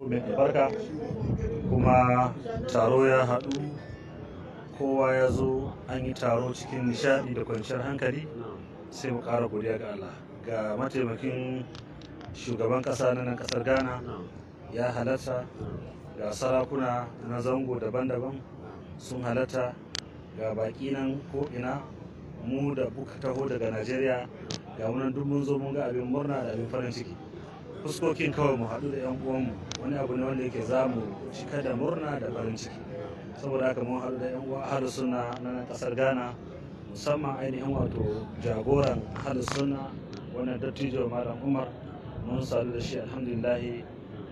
mai kuma taro ya haɗu kowa ya zo an yi taro cikin nishaɗi da kwanciyar hankali sai mu ƙara godiya ga Allah ga mataimakin shugaban ƙasa na nan ƙasar Ghana ya halatta ga sarakuna na zango daban-daban sun halatta ga baƙi nan ko ina mu da buka taho daga Najeriya ga munan duk mun zo mun ga abin murna da abin farin ciki. fuskokin kawai mu haɗu da 'yan uwanmu wani abu ne wanda yake zamu cika da murna da farin ciki saboda haka mun haɗu da 'yan uwa ahalu suna na ƙasar ghana musamman ainihin wato jagoran ahalu suna wannan dattijo malam umar mun salu da shi Alhamdulillah,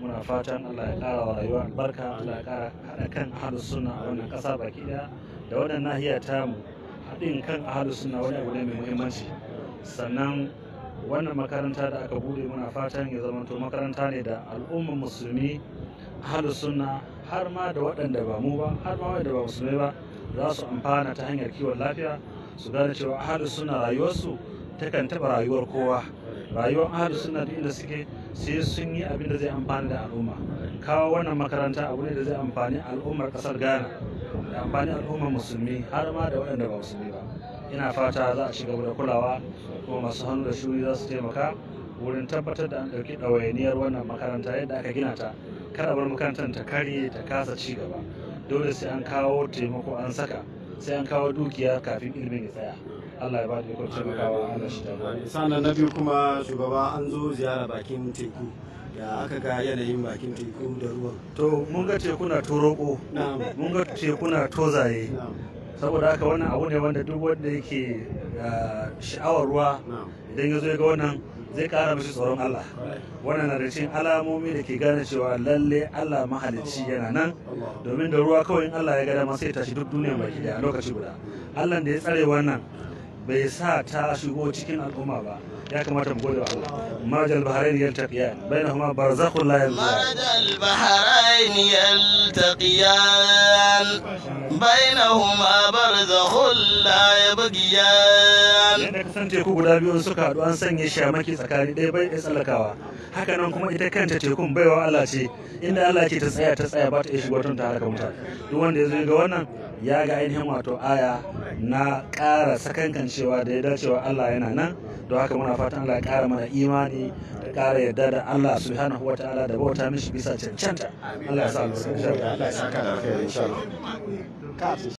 muna fatan allah ya ƙara wa rayuwa albarka allah ya ƙara haɗa kan ahalu suna a wannan ƙasa baki ɗaya da wannan nahiya tamu haɗin kan ahalu suna wani abu ne mai muhimmanci sannan wannan makaranta da aka bude muna fatan ya to makaranta ne da al'ummar musulmi ahlus sunna har ma da waɗanda ba mu ba har ma waɗanda ba musulmi ba za su amfana ta hanyar kiwon lafiya su gane cewa ahlus sunna rayuwarsu takan taɓa rayuwar kowa rayuwar ahlus sunna duk inda suke sai sun yi abin da zai amfana da al'umma kawo wannan makaranta abu ne da zai amfani al'ummar ƙasar ghana da amfani al'ummar musulmi har ma da waɗanda ba musulmi ba ina fata za a shiga da kulawa kuma masu hannu da shuri za su taimaka wurin tabbatar da an ɗauki ɗawainiyar wannan makaranta yadda aka gina ta kada bar makarantar ta karye ta kasa ci gaba dole sai an kawo taimako an saka sai an kawo dukiya kafin ilimin ya tsaya Allah ya ba da ikon taimakawa Allah shi da sannan na biyu kuma shugaba an zo ziyara bakin teku ya aka ga yanayin bakin teku da ruwan to mun ga teku na toroko mun ga teku na tozaye saboda haka wannan abu ne wanda duk wanda yake ah, sha'awar ruwa idan ya zo ga wannan zai kara mishi tsoron Allah wannan na da cikin alamomi da ke gane cewa lalle Allah mahalicci yana nan domin da ruwa kawai in Allah ya ga masu sai tashi duk duniya baki daya a lokaci guda Allah da ya tsare wannan bai sa ta shigo cikin al'umma ba ya kamata mu gode wa Allah marjal bahrain yaltaqiyan bainahuma barzakhun la yanzur marjal bahrain yaltaqiyan بينهما برزخ Allah ya yadda kasan teku guda biyu suka haɗu an sanya shamaki tsakani ɗaya bai ɗaya tsallakawa haka nan kuma ita kanta tekun baiwa Allah ce inda Allah ce ta tsaya ta tsaya ba ta iya shigo ta halaka mutane duk wanda ya zo ga wannan ya ga ainihin wato aya na ƙara sakankancewa da ya dacewa Allah yana nan don haka muna fatan Allah ya ƙara mana imani da ƙara yarda da Allah subhanahu wa ta'ala da bauta mishi bisa cancanta Allah ya sa albarka Allah ya insha Allah